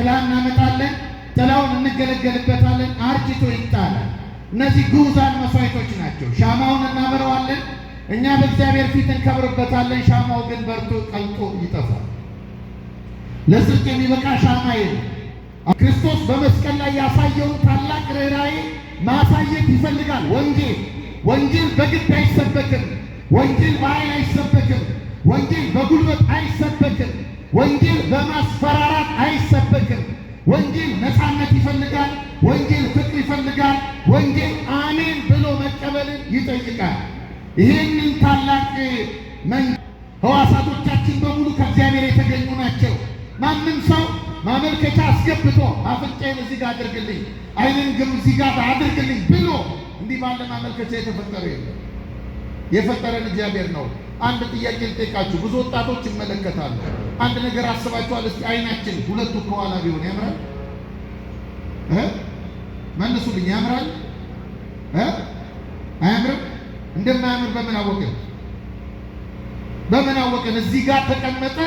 ጥላ እናመጣለን፣ ጥላውን እንገለገልበታለን። አርጅቶ ይጣላል። እነዚህ ግዑዛን መስዋዕቶች ናቸው። ሻማውን እናበረዋለን፣ እኛ በእግዚአብሔር ፊት እንከብርበታለን። ሻማው ግን በርቶ ቀልጦ ይጠፋል። ለስርቅ የሚበቃ ሻማ የለም። ክርስቶስ በመስቀል ላይ ያሳየውን ታላቅ ርኅራኄ ማሳየት ይፈልጋል። ወንጌል ወንጌል በግድ አይሰበክም። ወንጌል በኃይል አይሰበክም። ወንጌል በጉልበት አይሰበክም። ወንጌል በማስፈራራት አይሰበክም። ወንጌል ነፃነት ይፈልጋል። ወንጌል ፍቅር ይፈልጋል። ወንጌል አሜን ብሎ መቀበልን ይጠይቃል። ይህንን ታላቅ መን ህዋሳቶቻችን በሙሉ ከእግዚአብሔር የተገኙ ናቸው። ማንም ሰው ማመልከቻ አስገብቶ አፍንጫዬን እዚህ ጋር አድርግልኝ፣ አይንን ግም እዚህ ጋር አድርግልኝ ብሎ እንዲህ ባለ ማመልከቻ የተፈጠረ የለም። የፈጠረን እግዚአብሔር ነው። አንድ ጥያቄ ልጠይቃችሁ። ብዙ ወጣቶች ይመለከታሉ። አንድ ነገር አስባችኋል? እስቲ አይናችን ሁለቱ ከኋላ ቢሆን ያምራል? መልሱልኝ። ያምራል? አያምርም? እንደማያምር በምን አወቅን? በምን አወቅን? እዚህ ጋር ተቀመጠ።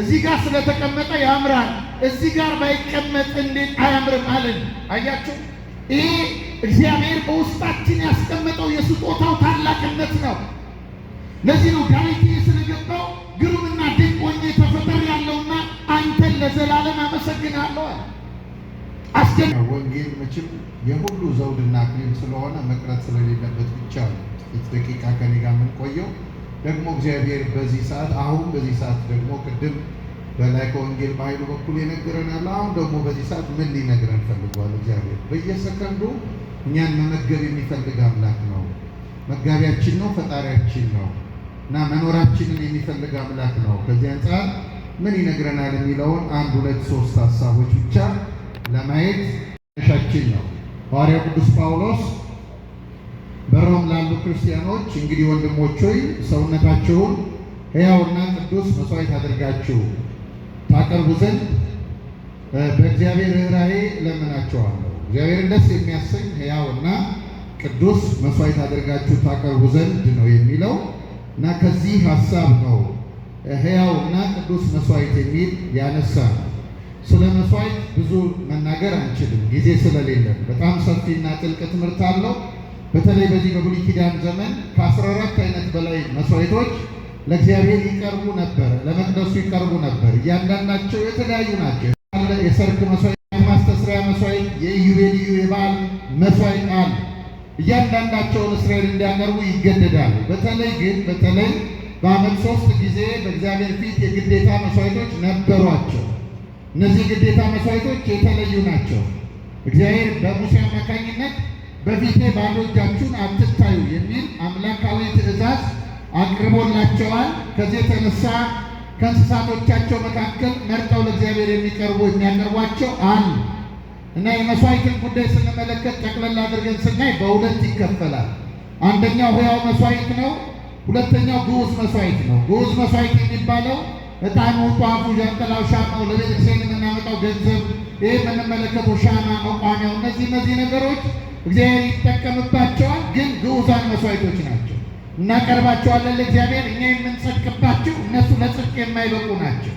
እዚህ ጋር ስለተቀመጠ ያምራል፣ እዚህ ጋር ባይቀመጥ እንዴት አያምርም አለን። አያችሁ፣ ይሄ እግዚአብሔር በውስጣችን ያስቀመጠው የስጦታው ታላቅነት ነው። ለዚህ ነው ዳዊት ስለገባው ግሩምና ድንቅ ሆኜ ተፈጠር ያለውና አንተን ለዘላለም አመሰግናለሁ አለ። አስደን ወንጌል መቼም የሁሉ ዘውድና አክሊል ስለሆነ መቅረት ስለሌለበት ብቻ ነው። ደቂቃ ከኔ ጋር የምንቆየው ደግሞ እግዚአብሔር በዚህ ሰዓት አሁን በዚህ ሰዓት ደግሞ ቅድም በላይ ከወንጌል በኃይሉ በኩል የነገረናል። አሁን ደግሞ በዚህ ሰዓት ምን ሊነግረን ፈልጓል? እግዚአብሔር በየሰከንዱ እኛን መመገብ የሚፈልግ አምላክ ነው። መጋቢያችን ነው፣ ፈጣሪያችን ነው። እና መኖራችንን የሚፈልግ አምላክ ነው። ከዚህ አንጻር ምን ይነግረናል የሚለውን አንድ ሁለት ሶስት ሀሳቦች ብቻ ለማየት መነሻችን ነው። ሐዋርያው ቅዱስ ጳውሎስ በሮም ላሉ ክርስቲያኖች እንግዲህ ወንድሞች ሆይ ሰውነታችሁን ሕያውና ቅዱስ መስዋዕት አድርጋችሁ ታቀርቡ ዘንድ በእግዚአብሔር ርኅራኄ እለምናችኋለሁ። እግዚአብሔርን ደስ የሚያሰኝ ሕያውና ቅዱስ መስዋዕት አድርጋችሁ ታቀርቡ ዘንድ ነው የሚለው እና ከዚህ ሀሳብ ነው ሕያው እና ቅዱስ መስዋዕት የሚል ያነሳ ነው። ስለ መስዋዕት ብዙ መናገር አንችልም፣ ጊዜ ስለሌለን። በጣም ሰፊና ጥልቅ ትምህርት አለው። በተለይ በዚህ በብሉይ ኪዳን ዘመን ከአስራ አራት አይነት በላይ መስዋዕቶች ለእግዚአብሔር ይቀርቡ ነበር፣ ለመቅደሱ ይቀርቡ ነበር። እያንዳንዳቸው የተለያዩ ናቸው። የሰርክ መስዋዕት፣ የማስተስሪያ መስዋዕት፣ የኢዮቤልዩ የበዓል መስዋዕት አለ። እያንዳንዳቸውን እስራኤል እንዲያቀርቡ ይገደዳሉ። በተለይ ግን በተለይ በአመት ሶስት ጊዜ በእግዚአብሔር ፊት የግዴታ መስዋዕቶች ነበሯቸው። እነዚህ ግዴታ መስዋዕቶች የተለዩ ናቸው። እግዚአብሔር በሙሴ አማካኝነት በፊቴ ባዶ እጃችሁን አትታዩ የሚል አምላካዊ ትእዛዝ አቅርቦላቸዋል። ከዚህ የተነሳ ከእንስሳቶቻቸው መካከል መርጠው ለእግዚአብሔር የሚቀርቡ የሚያቀርቧቸው አሉ። እና የመስዋዕትን ጉዳይ ስንመለከት ጠቅለል አድርገን ስናይ በሁለት ይከፈላል። አንደኛው ሕያው መስዋዕት ነው። ሁለተኛው ግዑዝ መስዋዕት ነው። ግዑዝ መስዋዕት የሚባለው እጣኑ፣ ጧፉ፣ ዣንጥላው፣ ሻማው ለቤተክርስቲያን የምናመጣው ገንዘብ፣ ይህ የምንመለከተው ሻማ፣ መቋሚያው እነዚህ እነዚህ ነገሮች እግዚአብሔር ይጠቀምባቸዋል፣ ግን ግዑዛን መስዋዕቶች ናቸው። እናቀርባቸዋለን ለእግዚአብሔር እኛ የምንጸድቅባቸው እነሱ ለጽድቅ የማይበቁ ናቸው።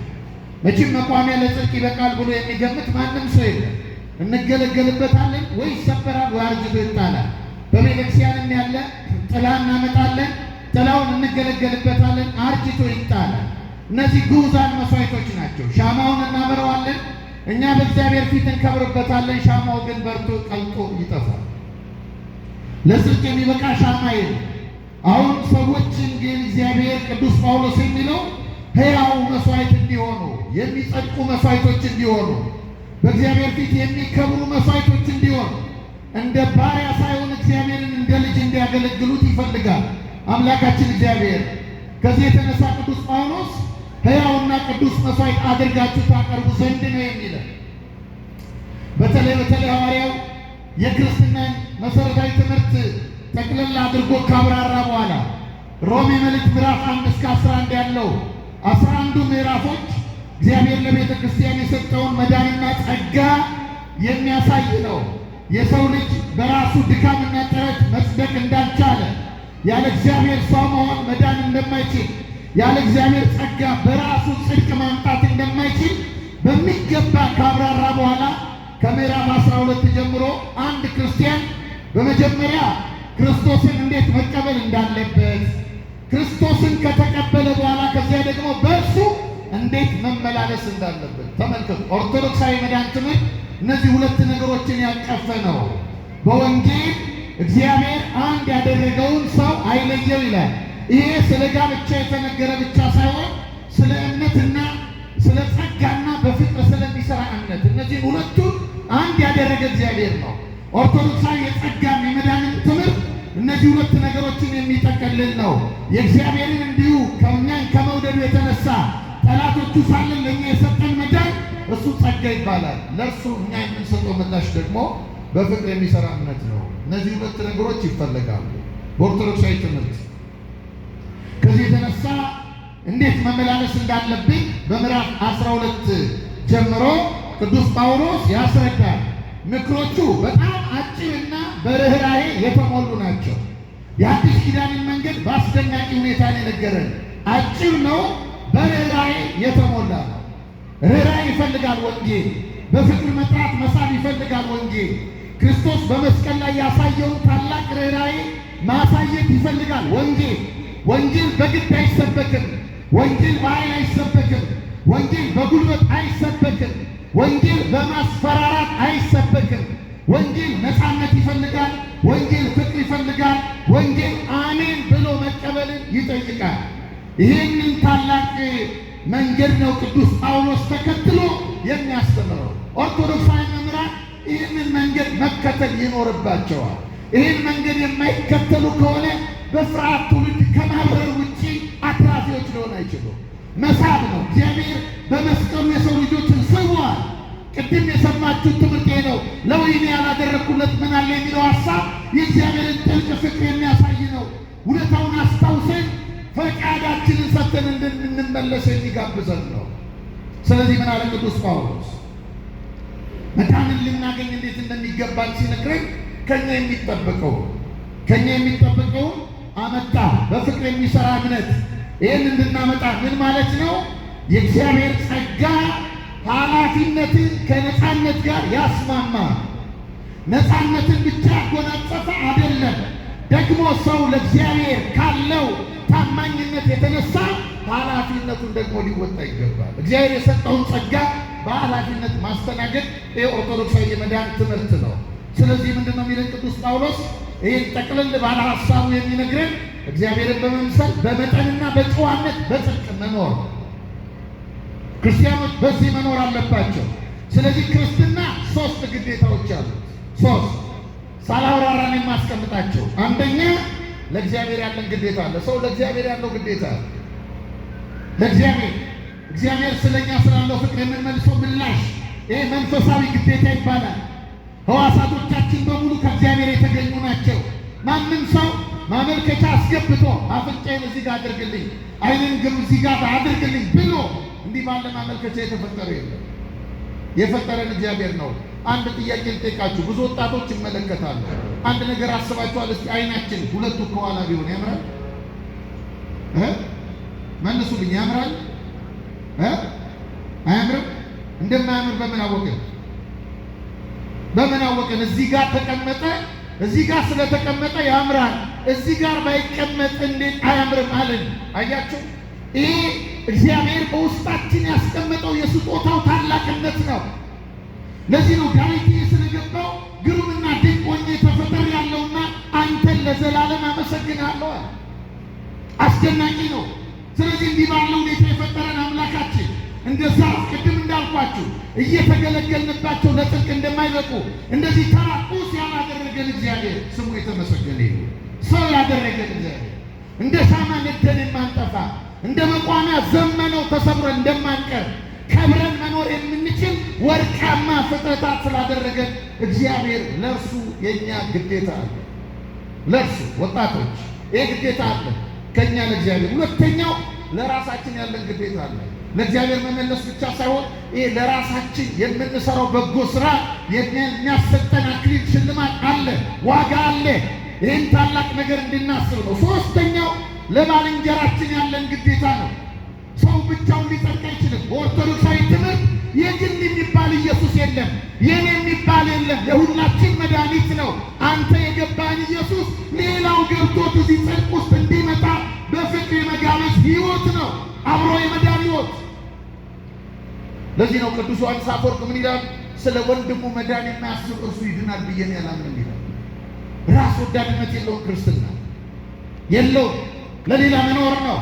መቼም መቋሚያ ለጽድቅ ይበቃል ብሎ የሚገምት ማንም ሰው የለም። እንገለገልበታለን ወይ ይሰበራል፣ ወይ አርጅቶ ይጣላል። በቤተክርስቲያንም ያለ ጥላ እናመጣለን፣ ጥላውን እንገለገልበታለን፣ አርጅቶ ይጣላል። እነዚህ ግዑዛን መስዋዕቶች ናቸው። ሻማውን እናበረዋለን፣ እኛ በእግዚአብሔር ፊት እንከብርበታለን። ሻማው ግን በርቶ ቀልጦ ይጠፋል። ለጽድቅ የሚበቃ ሻማ የለም። አሁን ሰዎችን ግን እግዚአብሔር ቅዱስ ጳውሎስ የሚለው ሕያው መስዋዕት እንዲሆኑ የሚጸድቁ መስዋዕቶች እንዲሆኑ በእግዚአብሔር ፊት የሚከብሩ መስዋዕቶች እንዲሆን እንደ ባሪያ ሳይሆን እግዚአብሔርን እንደ ልጅ እንዲያገለግሉት ይፈልጋል አምላካችን እግዚአብሔር። ከዚህ የተነሳ ቅዱስ ጳውሎስ ሕያውና ቅዱስ መስዋዕት አድርጋችሁ ታቀርቡ ዘንድ ነው የሚለ በተለይ በተለይ ሐዋርያው የክርስትናን መሠረታዊ ትምህርት ጠቅለል አድርጎ ካብራራ በኋላ ሮሜ መልእክት ምዕራፍ አንድ እስከ አስራ አንድ ያለው አስራ አንዱ ምዕራፎች እግዚአብሔር ለቤተ ክርስቲያን የሰጠውን መዳንና ጸጋ የሚያሳይ ነው። የሰው ልጅ በራሱ ድካምና ጥረት መጽደቅ እንዳልቻለ፣ ያለ እግዚአብሔር ሰው መሆን መዳን እንደማይችል፣ ያለ እግዚአብሔር ጸጋ በራሱ ጽድቅ ማምጣት እንደማይችል በሚገባ ካብራራ በኋላ ከምዕራፍ አስራ ሁለት ጀምሮ አንድ ክርስቲያን በመጀመሪያ ክርስቶስን እንዴት መቀበል እንዳለበት ክርስቶስን ከተቀበለ በኋላ ከዚያ ደግሞ በእርሱ እንዴት መመላለስ እንዳለበት ተመልከቱ። ኦርቶዶክሳዊ መዳን ትምህርት እነዚህ ሁለት ነገሮችን ያቀፈ ነው። በወንጌል እግዚአብሔር አንድ ያደረገውን ሰው አይለየው ይላል። ይሄ ስለ ጋብቻ የተነገረ ብቻ ሳይሆን ስለ እምነትና ስለ ጸጋና በፍቅር ስለሚሰራ እምነት እነዚህም ሁለቱ አንድ ያደረገ እግዚአብሔር ነው። ኦርቶዶክሳዊ የጸጋም የመዳንን ትምህርት እነዚህ ሁለት ነገሮችን የሚጠቀልል ነው። የእግዚአብሔርን እንዲሁ ከእኛን ከመውደዱ የተነሳ ጠላቶቹ ሳለን ለእኛ የሰጠን መዳን እሱ ጸጋ ይባላል። ለእርሱ እኛ የምንሰጠው ምላሽ ደግሞ በፍቅር የሚሰራ እምነት ነው። እነዚህ ሁለት ነገሮች ይፈለጋሉ በኦርቶዶክሳዊ ትምህርት። ከዚህ የተነሳ እንዴት መመላለስ እንዳለብኝ በምዕራፍ 12 ጀምሮ ቅዱስ ጳውሎስ ያስረዳል። ምክሮቹ በጣም አጭርና በርኅራኄ የተሞሉ ናቸው። የአዲስ ኪዳንን መንገድ በአስደናቂ ሁኔታ ነው የነገረን። አጭር ነው በርኅራኄ የተሞላ ነው። ርኅራኄ ይፈልጋል ወንጌል። በፍቅር መጥራት መሳብ ይፈልጋል ወንጌል። ክርስቶስ በመስቀል ላይ ያሳየውን ታላቅ ርኅራኄ ማሳየት ይፈልጋል ወንጌል። ወንጌል በግድ አይሰበክም። ወንጌል በኃይል አይሰበክም። ወንጌል በጉልበት አይሰበክም። ወንጌል በማስፈራራት አይሰበክም። ወንጌል ነፃነት ይፈልጋል። ወንጌል ፍቅር ይፈልጋል። ወንጌል አሜን ብሎ መቀበልን ይጠይቃል። ይህንን ታላቅ መንገድ ነው ቅዱስ ጳውሎስ ተከትሎ የሚያስተምረው። ኦርቶዶክሳዊ መምህራን ይህንን መንገድ መከተል ይኖርባቸዋል። ይህን መንገድ የማይከተሉ ከሆነ በፍርሃት ትውልድ ከማህበር ውጭ አትራፊዎች ሊሆን አይችሉም። መሳብ ነው። እግዚአብሔር በመስቀሉ የሰው ልጆችን ስቧል። ቅድም የሰማችሁት ትምህርት ነው። ለወይኔ ያላደረግኩለት ምን አለ የሚለው ሀሳብ የእግዚአብሔርን ጥልቅ ፍቅር የሚያሳይ ነው። ውለታውን አስታውሰን ራሳችንን ሰጥተን እንድንመለስ የሚጋብዘን ነው። ስለዚህ ምን አለ ቅዱስ ጳውሎስ መዳንን ልናገኝ እንዴት እንደሚገባን ሲነግረን ከኛ የሚጠበቀው ከኛ የሚጠበቀው አመጣ በፍቅር የሚሰራ እምነት። ይህን እንድናመጣ ምን ማለት ነው? የእግዚአብሔር ጸጋ ኃላፊነትን ከነፃነት ጋር ያስማማ። ነፃነትን ብቻ ያጎናጸፈ አይደለም። ደግሞ ሰው ለእግዚአብሔር ካለው ታማኝነት የተነሳ ኃላፊነቱን ደግሞ ሊወጣ ይገባል። እግዚአብሔር የሰጠውን ጸጋ በኃላፊነት ማስተናገድ የኦርቶዶክሳዊ የመዳን ትምህርት ነው። ስለዚህ ምንድን ነው የሚለን ቅዱስ ጳውሎስ ይህን ጠቅልል ባለ ሀሳቡ የሚነግረን እግዚአብሔርን በመምሰል በመጠንና በጨዋነት በጽድቅ መኖር ክርስቲያኖች በዚህ መኖር አለባቸው። ስለዚህ ክርስትና ሶስት ግዴታዎች አሉ። ሶስት ሳላውራራን የማስቀምጣቸው አንደኛ ለእግዚአብሔር ያለን ግዴታ አለ። ሰው ለእግዚአብሔር ያለው ግዴታ አለ። ለእግዚአብሔር እግዚአብሔር ስለኛ ስላለው ፍቅር የምንመልሰው ምላሽ ይሄ መንፈሳዊ ግዴታ ይባላል። ህዋሳቶቻችን በሙሉ ከእግዚአብሔር የተገኙ ናቸው። ማንም ሰው ማመልከቻ አስገብቶ አፍንጫዬን እዚህ ጋር አድርግልኝ፣ አይንን ግብ እዚህ ጋር አድርግልኝ ብሎ እንዲህ ባለ ማመልከቻ የተፈጠረ የለም። የፈጠረን እግዚአብሔር ነው። አንድ ጥያቄ ልጠይቃችሁ። ብዙ ወጣቶች ይመለከታሉ። አንድ ነገር አስባችኋል? እስቲ አይናችን ሁለቱ ከኋላ ቢሆን ያምራል? መልሱልኝ። ያምራል? አያምርም? እንደማያምር በምን አወቅን? በምን አወቅን? እዚህ ጋር ተቀመጠ። እዚህ ጋር ስለተቀመጠ ያምራል። እዚህ ጋር ባይቀመጥ እንዴት አያምርም አለን? አያችሁ፣ ይሄ እግዚአብሔር በውስጣችን ያስቀመጠው የስጦታው ታላቅነት ነው። ለዚህ ነው ዳዊት ስለገባው ግሩምና ድንቅ ሆኜ ተፈጠር ያለውና አንተን ለዘላለም አመሰግናለሁ አለ። አስደናቂ ነው። ስለዚህ እንዲህ ባለ ሁኔታ የፈጠረን አምላካችን እንደዛ ቅድም እንዳልኳችሁ እየተገለገልንባቸው ለጥልቅ እንደማይበቁ እንደዚህ ተራቁ ያላደረገን እግዚአብሔር ስሙ የተመሰገነ ይሁን። ሰው ያደረገን እግዚአብሔር እንደ ሳማ ነደን የማንጠፋ እንደ መቋሚያ ዘመነው ተሰብረን እንደማንቀር ከብረን መኖር የምንችል ወርቃማ ፍጥረታት ስላደረገን እግዚአብሔር ለእርሱ የእኛ ግዴታ አለ። ለእርሱ ወጣቶች ይህ ግዴታ አለ ከእኛ ለእግዚአብሔር። ሁለተኛው ለራሳችን ያለን ግዴታ አለ። ለእግዚአብሔር መመለስ ብቻ ሳይሆን ይህ ለራሳችን የምንሰራው በጎ ስራ የሚያሰጠን አክሊል ሽልማት አለ፣ ዋጋ አለ። ይህን ታላቅ ነገር እንድናስብ ነው። ሶስተኛው ለባልንጀራችን ያለን ግዴታ ነው። ሰው ብቻውን ሊጸድቅ አይችልም። ኦርቶዶክሳዊ ትምህርት የግል የሚባል ኢየሱስ የለም፣ የኔ የሚባል የለም። የሁላችን መድኃኒት ነው። አንተ የገባን ኢየሱስ ሌላው ገብቶት እዚህ ጽድቅ ውስጥ እንዲመጣ በፍቅር የመጋበዝ ሕይወት ነው፣ አብሮ የመዳን ሕይወት። ለዚህ ነው ቅዱስ ዮሐንስ አፈወርቅ ምን ይላል? ስለ ወንድሙ መዳን የማያስብ እርሱ ይድናል ብዬ ነው ያላምን ይላል። ራስ ወዳድነት የለውም ክርስትና የለውም። ለሌላ መኖር ነው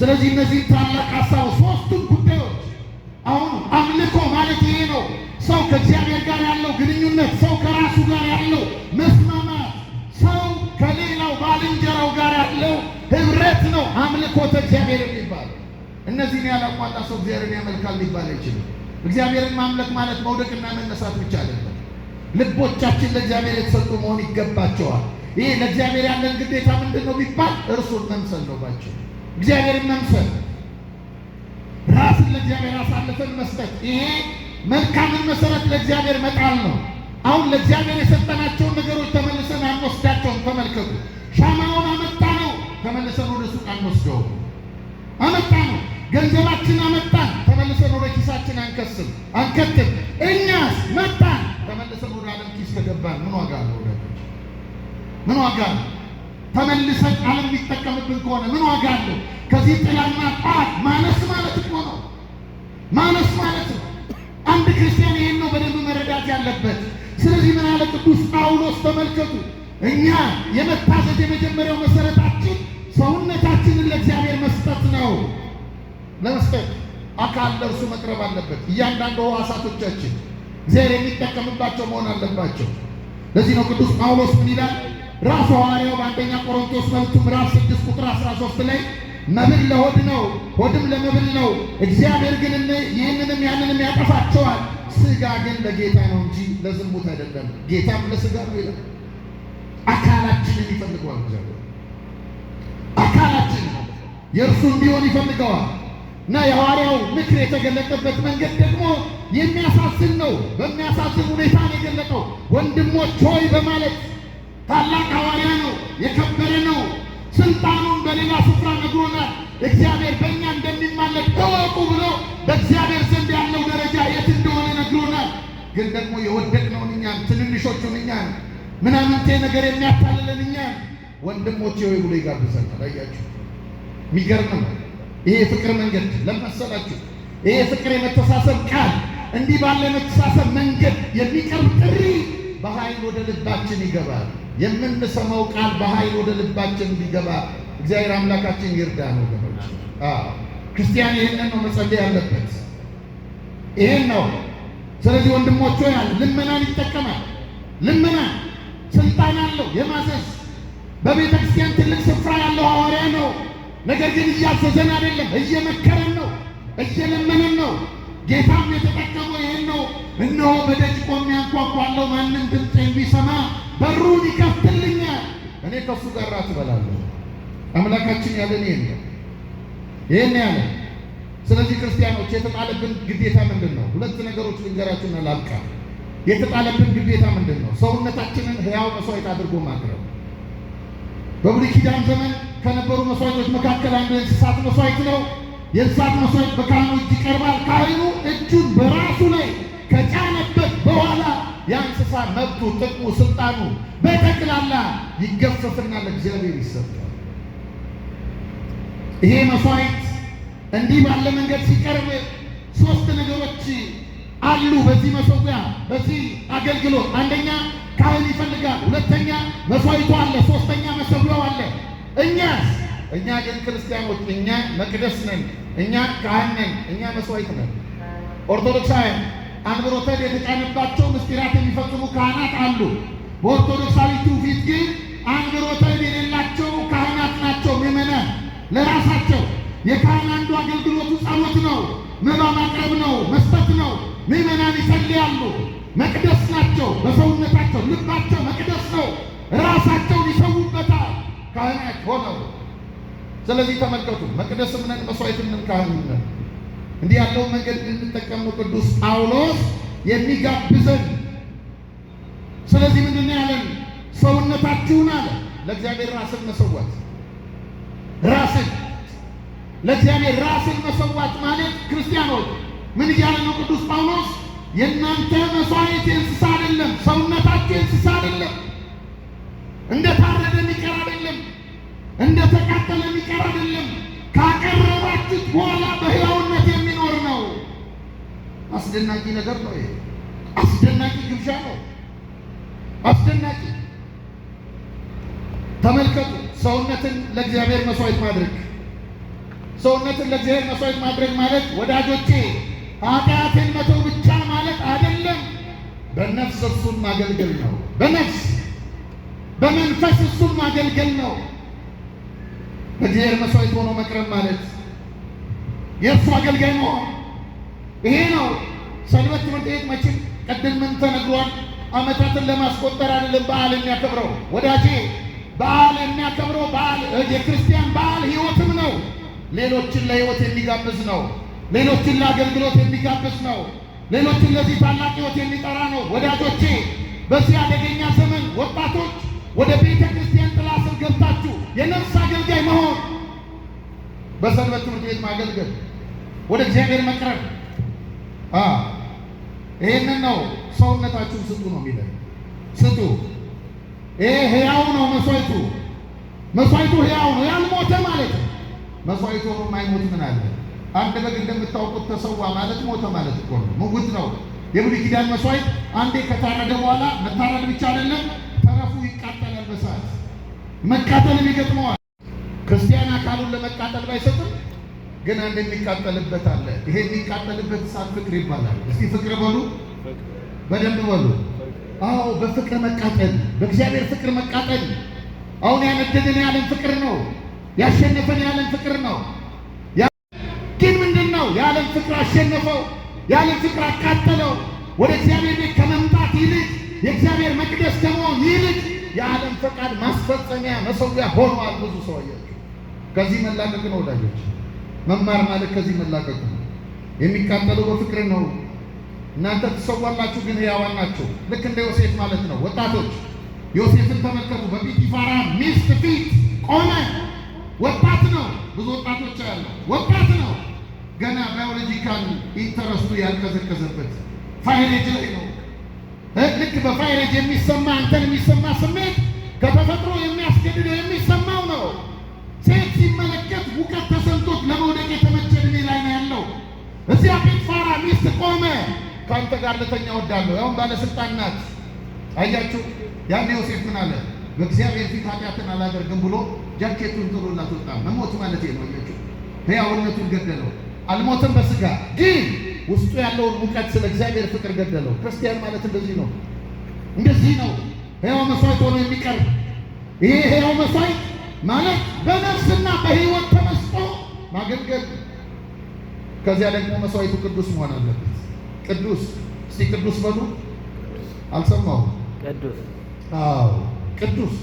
ስለዚህ እነዚህን ታላቅ ሀሳብ ሶስቱን ጉዳዮች አሁን አምልኮ ማለት ይሄ ነው። ሰው ከእግዚአብሔር ጋር ያለው ግንኙነት፣ ሰው ከራሱ ጋር ያለው መስማማት፣ ሰው ከሌላው ባልንጀራው ጋር ያለው ህብረት ነው አምልኮተ እግዚአብሔር የሚባለው። እነዚህን ያላሟላ ሰው እግዚአብሔርን ያመልካል ሊባል አይችልም። እግዚአብሔርን ማምለክ ማለት መውደቅና መነሳት ብቻ አይደለም። ልቦቻችን ለእግዚአብሔር የተሰጡ መሆን ይገባቸዋል። ይህ ለእግዚአብሔር ያለን ግዴታ ምንድን ነው ቢባል እርሱን መምሰል ነው ባቸው እግዚአብሔርን መምሰል፣ ራስን ለእግዚአብሔር አሳልፈን መስጠት፣ ይሄ መልካምን መሰረት ለእግዚአብሔር መጣል ነው። አሁን ለእግዚአብሔር የሰጠናቸውን ነገሮች ተመልሰን አንወስዳቸውም። ተመልከቱ፣ ሻማውን አመጣ ነው፣ ተመልሰን ወደ ሱቅ አንወስደውም። አመጣ ነው፣ ገንዘባችን አመጣን፣ ተመልሰን ወደ ኪሳችን አንከስም አንከትም። እኛስ መጣን፣ ተመልሰን ወደ ዓለም ኪስ ተገባን። ምን ዋጋ ነው? ምን ዋጋ ነው? ተመልሰን ዓለም የሚጠቀምብን ከሆነ ምን ዋጋ አለው? ከዚህ ጥላና ጣት ማነስ ማለት እኮ ነው። ማነስ ማለት ነው። አንድ ክርስቲያን ይሄን ነው በደንብ መረዳት ያለበት። ስለዚህ ምን አለ ቅዱስ ጳውሎስ ተመልከቱ። እኛ የመታዘዝ የመጀመሪያው መሰረታችን ሰውነታችንን ለእግዚአብሔር መስጠት ነው። ለመስጠት አካል ለእርሱ መቅረብ አለበት። እያንዳንዱ ሕዋሳቶቻችን እግዚአብሔር የሚጠቀምባቸው መሆን አለባቸው። ለዚህ ነው ቅዱስ ጳውሎስ ምን ይላል? ራሱ ሐዋርያው በአንደኛ ቆሮንቶስ መልእክቱ ምዕራፍ 6 ቁጥር 13 ላይ መብል ለሆድ ነው፣ ሆድም ለመብል ነው። እግዚአብሔር ግን ይህንንም ያንንም ያጠፋቸዋል። ስጋ ግን ለጌታ ነው እንጂ ለዝሙት አይደለም፣ ጌታም ለሥጋ ነው ይላል። አካላችንን ይፈልገዋል እግዚአብሔር። አካላችን የእርሱ እንዲሆን ይፈልገዋል። እና የሐዋርያው ምክር የተገለጠበት መንገድ ደግሞ የሚያሳዝን ነው። በሚያሳዝን ሁኔታ ነው የገለጠው። ወንድሞች ሆይ በማለት ታላቅ ሐዋርያ ነው፣ የከበረ ነው። ስልጣኑን በሌላ ስፍራ ነግሮናል። እግዚአብሔር በእኛ እንደሚማለድ ተወቁ ብሎ በእግዚአብሔር ዘንድ ያለው ደረጃ የት እንደሆነ ነግሮናል። ግን ደግሞ የወደቅነውን እኛን ትንንሾቹን እኛን ምናምንቴ ነገር የሚያታልለን እኛን ወንድሞቼ ወይ ብሎ ይጋብዘናል። አያችሁ፣ የሚገርም ይሄ የፍቅር መንገድ ለመሰላችሁ። ይሄ ፍቅር የመተሳሰብ ቃል እንዲህ ባለ መተሳሰብ መንገድ የሚቀርብ ጥሪ በኃይል ወደ ልባችን ይገባል። የምንሰማው ቃል በኃይል ወደ ልባችን ቢገባ እግዚአብሔር አምላካችን ይርዳ ነው ወገኖች። ክርስቲያን ይህንን ነው መጸለይ ያለበት፣ ይህን ነው። ስለዚህ ወንድሞች ሆይ ልመናን ይጠቀማል። ልመና ስልጣን አለው የማዘዝ በቤተ ክርስቲያን ትልቅ ስፍራ ያለው ሐዋርያ ነው። ነገር ግን እያዘዘን አይደለም፣ እየመከረን ነው፣ እየለመነን ነው። ጌታም የተጠቀመው ይህን ነው። እነሆ በደጅ ቆሜ አንኳኳለሁ፣ ማንም ድምፄን ቢሰማ በሩን ይከፍትልኛል። እኔ ከሱ ጋር ራት አምላካችን ያለን ይሄን ነው ይሄን ያለ። ስለዚህ ክርስቲያኖች የተጣለብን ግዴታ ምንድን ነው? ሁለት ነገሮች ልንገራችሁና ላብቃ። የተጣለብን ግዴታ ምንድን ነው? ሰውነታችንን ሕያው መስዋዕት አድርጎ ማቅረብ። በብሉይ ኪዳን ዘመን ከነበሩ መስዋዕቶች መካከል አንዱ የእንስሳት መስዋዕት ነው። የእንስሳት መስዋዕት በካህኑ እጅ ይቀርባል። ካህኑ እጁን በራሱ ላይ ከጫነበት በኋላ የእንስሳ መብቱ፣ ጥቅሙ፣ ስልጣኑ በጠቅላላ ይገፈፍና ለእግዚአብሔር ይሰጣል። ይሄ መስዋዕት እንዲህ ባለ መንገድ ሲቀርብ ሶስት ነገሮች አሉ። በዚህ መሰዊያ በዚህ አገልግሎት አንደኛ ካህን ይፈልጋል፣ ሁለተኛ መስዋዕቱ አለ፣ ሶስተኛ መሰዊያው አለ። እኛስ እኛ ግን ክርስቲያኖች እኛ መቅደስ ነን፣ እኛ ካህን ነን፣ እኛ መስዋዕት ነን። ኦርቶዶክሳውያን አብሮተድ የተጫነባቸው ምስጢራት የሚፈጽሙ ካህናት አሉ። በኦርቶዶክሳዊቱ ፊት ግን አንብሮተድ የሌላቸው ካህናት ናቸው። ምዕመናን ለራሳቸው የካህን አንዱ አገልግሎቱ ጸሎት ነው፣ መባ ማቅረብ ነው፣ መስጠት ነው። ምዕመናን ይጸልያሉ፣ መቅደስ ናቸው። በሰውነታቸው ልባቸው መቅደስ ነው፣ ራሳቸውን ይሰውበታል ካህናት ሆነው። ስለዚህ ተመልከቱ፣ መቅደስም ነን፣ መስዋዕትም ነን፣ ካህንም ነን። እንዲህ ያለው መንገድ እንድንጠቀም ነው ቅዱስ ጳውሎስ የሚጋብዘን። ስለዚህ ምንድን ነው ያለን? ሰውነታችሁን አለ ለእግዚአብሔር ራስን መሰዋት። ራስን ለእግዚአብሔር ራስን መሰዋት ማለት ክርስቲያኖች ምን እያለ ነው ቅዱስ ጳውሎስ? የእናንተ መስዋዕት የእንስሳ አይደለም፣ ሰውነታችሁ የእንስሳ አይደለም። እንደ ታረደ የሚቀር አይደለም፣ እንደ ተቃጠለ የሚቀር አይደለም። ካቀረባችሁ በኋላ በሕያውነት አስደናቂ ነገር ነው። ይሄ አስደናቂ ግብዣ ነው። አስደናቂ ተመልከቱ። ሰውነትን ለእግዚአብሔር መስዋዕት ማድረግ ሰውነትን ለእግዚአብሔር መስዋዕት ማድረግ ማለት ወዳጆቼ ኃጢአትን መተው ብቻ ማለት አይደለም። በነፍስ እሱን ማገልገል ነው። በነፍስ በመንፈስ እሱን ማገልገል ነው። ለእግዚአብሔር መስዋዕት ሆኖ መቅረብ ማለት የእሱ አገልጋይ መሆን ይሄ ነው ሰንበት ትምህርት ቤት። መቼም ቅድም ምን ተነግሯል? ዓመታትን ለማስቆጠር አይደለም በዓል የሚያከብረው ወዳጄ። በዓል የሚያከብረው በዓል የክርስቲያን በዓል ህይወትም ነው። ሌሎችን ለህይወት የሚጋብዝ ነው። ሌሎችን ለአገልግሎት የሚጋብዝ ነው። ሌሎችን ለዚህ ታላቅ ህይወት የሚጠራ ነው። ወዳጆቼ በዚህ አደገኛ ዘመን ወጣቶች ወደ ቤተ ክርስቲያን ጥላ ስር ገብታችሁ የነፍስ አገልጋይ መሆን፣ በሰንበት ትምህርት ቤት ማገልገል፣ ወደ እግዚአብሔር መቅረብ ይህንን ነው ሰውነታችሁን ስጡ ነው የሚለን። ስጡ። ይሄ ህያው ነው መስዋዕቱ። መስዋዕቱ ህያው ነው ያልሞተ ማለት ነው። መስዋዕቱ ሆኖ የማይሞት ምን አለ? አንድ በግ እንደምታውቁት ተሰዋ ማለት ሞተ ማለት እኮ ነው። ምውት ነው። የብሉይ ኪዳን መስዋዕት አንዴ ከታረደ በኋላ መታረድ ብቻ አይደለም፣ ተረፉ ይቃጠላል በሰዓት መቃጠልም ይገጥመዋል። ክርስቲያን አካሉን ለመቃጠል ባይሰጥም ግን አንድ የሚቃጠልበት አለ። ይሄ የሚቃጠልበት እሳት ፍቅር ይባላል። እስቲ ፍቅር በሉ፣ በደንብ በሉ። አዎ በፍቅር መቃጠል፣ በእግዚአብሔር ፍቅር መቃጠል። አሁን ያነደደን የዓለም ፍቅር ነው፣ ያሸነፈን የዓለም ፍቅር ነው። ግን ምንድን ነው የዓለም ፍቅር አሸነፈው፣ የዓለም ፍቅር አቃጠለው። ወደ እግዚአብሔር ቤት ከመምጣት ይልቅ የእግዚአብሔር መቅደስ ከመሆን ይልቅ የዓለም ፈቃድ ማስፈጸሚያ መሰዊያ ሆኗል። ብዙ ሰው አያችሁ። ከዚህ መላቀቅ ነው ወዳጆች። መማር ማለት ከዚህ መላቀቁ ነው። የሚቃጠለው በፍቅር ነው። እናንተ ትሰዋላችሁ፣ ግን ሕያዋን ናቸው። ልክ እንደ ዮሴፍ ማለት ነው። ወጣቶች ዮሴፍን ተመልከቱ። በጲጢፋራ ሚስት ፊት ቆመ። ወጣት ነው። ብዙ ወጣቶች ያለ ወጣት ነው። ገና ባዮሎጂካል ኢንተረስቱ ያልቀዘቀዘበት ፋይሬጅ ላይ ነው። ልክ በፋይሬጅ የሚሰማ አንተን የሚሰማ ስሜት ከተፈጥሮ የሚያስገድደው የሚሰማው ነው። ሴት ሲመለከት ውቀት እዚያ ጲጥፋራ ሚስት ቆመ። ከአንተ ጋር ልተኛ እወዳለሁ። ያውም ባለስልጣን ናት። አያችሁ፣ ያን ዮሴፍ ምን አለ? በእግዚአብሔር ፊት ኃጢአትን አላደርግም ብሎ ጃኬቱን ጥሎላት ወጣ። መሞት ማለት ነው። አያችሁ፣ ሕያውነቱን ገደለው። አልሞትም በስጋ ግን ውስጡ ያለውን ሙቀት ስለ እግዚአብሔር ፍቅር ገደለው። ክርስቲያን ማለት እንደዚህ ነው። እንደዚህ ነው ሕያው መስዋዕት ሆኖ የሚቀርብ ይሄ ሕያው መስዋዕት ማለት በነፍስና በሕይወት ተመስጦ ማገልገል ከዚያ ደግሞ መስዋዕቱ ቅዱስ መሆን አለበት። ቅዱስ እስቲ ቅዱስ በሉ። አልሰማሁም። ቅዱስ አዎ፣ ቅዱስ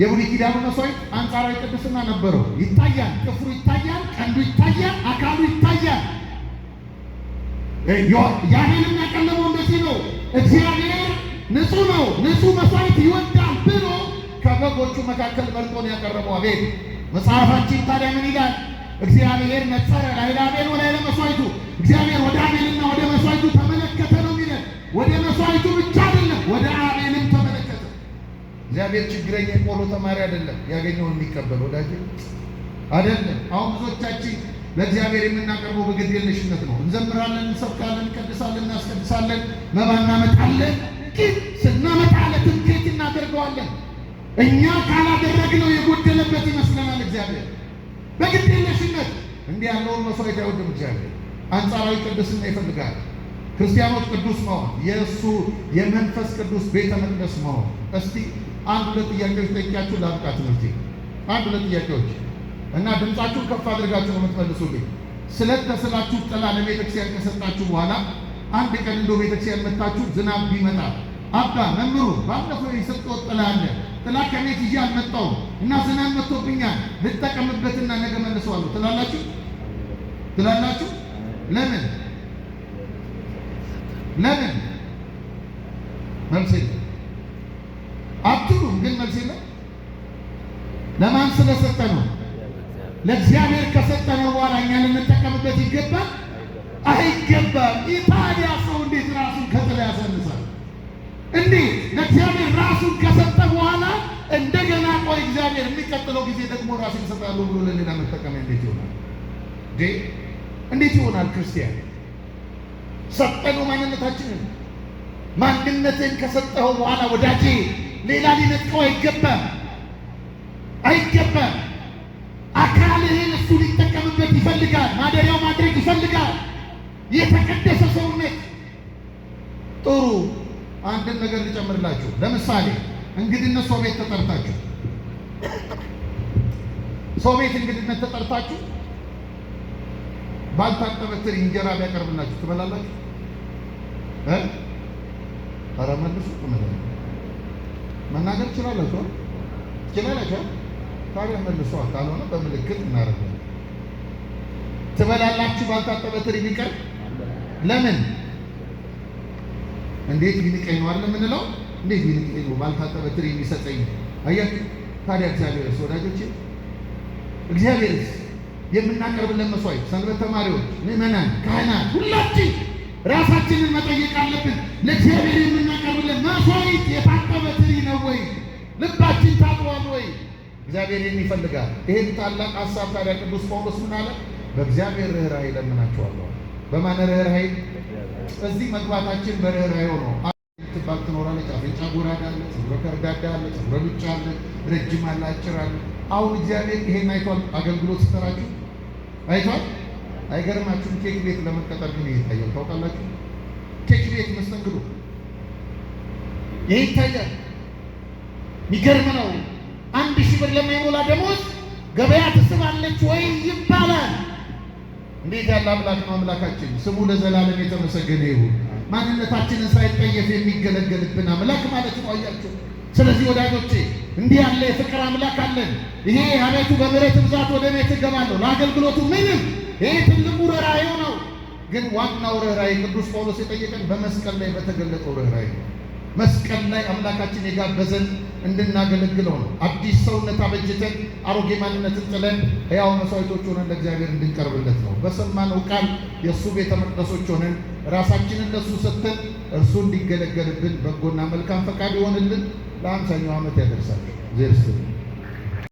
የብሉይ ኪዳኑ መስዋዕት አንጻራዊ ቅድስና ነበረው። ይታያል፣ ጥፍሩ ይታያል፣ ቀንዱ ይታያል፣ አካሉ ይታያል። ያኔንና ቀለመው እንደዚህ ነው። እግዚአብሔር ንጹህ ነው፣ ንጹህ መስዋዕት ይወዳል ብሎ ከበጎቹ መካከል መርጦን ያቀረበው። አቤት መጽሐፋችን ታዲያ ምን ይላል? እግዚአብሔር ነጸረ ላይላቤል ወላይለ መስዋዕቱ እግዚአብሔር ወደ አቤልና ወደ መስዋዕቱ ተመለከተ ነው የሚለን። ወደ መስዋዕቱ ብቻ አይደለም፣ ወደ አቤልም ተመለከተ። እግዚአብሔር ችግረኛ የቆሎ ተማሪ አይደለም፣ ያገኘውን የሚቀበል ወዳጅ አይደለም። አሁን ብዙዎቻችን ለእግዚአብሔር የምናቀርበው በግድ የለሽነት ነው። እንዘምራለን፣ እንሰብካለን፣ እንቀድሳለን፣ እናስቀድሳለን፣ መባ እናመጣለን። ግን ስናመጣ ለትምክህት እናደርገዋለን። እኛ ካላደረግነው የጎደለበት ይመስለናል እግዚአብሔር በግዴለሽነት እንዲህ ያለውን መስዋዕት አይወድም እግዚአብሔር። አንጻራዊ ቅድስና ይፈልጋል። ክርስቲያኖች ቅዱስ መሆን የእሱ የመንፈስ ቅዱስ ቤተ መቅደስ መሆን። እስቲ አንድ ሁለት ጥያቄዎች ጠይቂያችሁ ላብቃ። ትምህርቴ አንድ ሁለት ጥያቄዎች እና ድምፃችሁን ከፍ አድርጋችሁ ነው የምትመልሱልኝ። ስለት ተስላችሁ ጥላ ለቤተክርስቲያን ከሰጣችሁ በኋላ አንድ ቀን እንደ ቤተክርስቲያን መታችሁ ዝናብ ቢመጣ አባ መምሩ ባለፈው የሰጠው ጥላ አለ ጥላት ከቤት ይዤ አልመጣሁም እና ዝናብ መጥቶብኛል ልጠቀምበትና ነገ መልሰዋለሁ ትላላችሁ ትላላችሁ? ለምን ለምን መልስ የለም አትሉም። ግን መልስ ለማን ስለሰጠ ነው? ለእግዚአብሔር ከሰጠነው በኋላ እኛ ልንጠቀምበት ይገባል አይገባም? ኢታሊያ ሰው እንዴት ራሱን ከጥላ ያሳንሳል? እንዴ ለእግዚአብሔር ራሱን ከሰጠ በኋላ እንደገና ቆይ እግዚአብሔር የሚቀጥለው ጊዜ ደግሞ ራሴን እሰጣለሁ ብሎ ለሌላ መጠቀሚያ እንዴት ይሆናል? እንዴት ይሆናል? ክርስቲያን ሰጠነው ማንነታችንን። ማንነትን ከሰጠኸው በኋላ ወዳጄ ሌላ ሊነጥቀው አይገባም፣ አይገባም። አካልህን እሱ ሊጠቀምበት ይፈልጋል፣ ማደሪያው ማድረግ ይፈልጋል። የተቀደሰ ሰውነት ጥሩ። አንድን ነገር ልጨምርላችሁ፣ ለምሳሌ እንግዲህ እነ ሰው ቤት ተጠርታችሁ ሰው ቤት እንግድነት ተጠርታችሁ ባልታጠበ ትሪ እንጀራ ቢያቀርብላችሁ ትበላላችሁ? እ ኧረ መልሱ። መናገር ትችላላችሁ ትችላላችሁ። ታዲያ መልሱ። ካልሆነ በምልክት እናደርጋለን። ትበላላችሁ ባልታጠበ ትሪ ቢቀርብ ለምን? እንዴት ቢንቀኝ ነው አይደል የምንለው እንዴት ይልቅ ባልታጠበ ትሪ የሚሰጠኝ አያችሁ። ታዲያ እግዚአብሔርስ ወዳጆች፣ እግዚአብሔርስ የምናቀርብለን መስዋዕት ሰንበት ተማሪዎች፣ ምእመናን፣ ካህናት ሁላችን ራሳችንን መጠየቅ አለብን። ለእግዚአብሔር የምናቀርብለን መስዋዕት የታጠበ ትሪ ነው ወይ? ልባችን ታጥቧል ወይ? እግዚአብሔር ይፈልጋል። ይህን ታላቅ ሀሳብ ታዲያ ቅዱስ ጳውሎስ ምን አለ? በእግዚአብሔር ርኅራኄ እለምናችኋለሁ። በማን ርኅራኄ? እዚህ መግባታችን በርኅራኄ ነው። ትባል ትኖራለች። አፍንጫ ጎራዳ አለ፣ ፀጉረ ከርዳዳ አለ፣ ፀጉረ ብጫ አለ፣ ረጅም አለ፣ አጭር አለ። አሁን እግዚአብሔር ይሄን አይቷል። አገልግሎት ስትሰራችሁ አይቷል። አይገርማችሁም? ኬክ ቤት ለመቀጠር ግን ይታያል። ታውቃላችሁ፣ ኬክ ቤት መስተንግዶ ይህ ይታያል። የሚገርም ነው። አንድ ሺህ ብር ለማይሞላ ደሞዝ ገበያ ትስባለች ወይ ይባላል። እንዴት ያለ አምላክ ነው አምላካችን! ስሙ ለዘላለም የተመሰገነ ይሁን። ማንነታችንን ሳይጠየፍ የሚገለገልብን አምላክ ማለት ነው። አያችሁ። ስለዚህ ወዳጆቼ እንዲህ ያለ የፍቅር አምላክ አለን። ይሄ አቤቱ በምሕረት ብዛት ወደ ቤት ትገባለሁ ለአገልግሎቱ ምንም ይሄ ትልቁ ርኅራኄው ነው። ግን ዋናው ርኅራኄ ቅዱስ ጳውሎስ የጠየቀን በመስቀል ላይ በተገለጠው ርኅራኄ ነው። መስቀል ላይ አምላካችን የጋበዘን እንድናገለግለው ነው። አዲስ ሰውነት አበጅተን አሮጌ ማንነትን ጥለን ሕያው መሥዋዕቶች ሆነን ለእግዚአብሔር እንድንቀርብለት ነው። በሰማነው ቃል የእሱ ቤተ መቅደሶች ሆነን ራሳችንን ለእሱ ሰጥተን እርሱ እንዲገለገልብን በጎና መልካም ፈቃድ ይሆንልን። ለአምሳኛው ዓመት ያደርሳል ዜርስት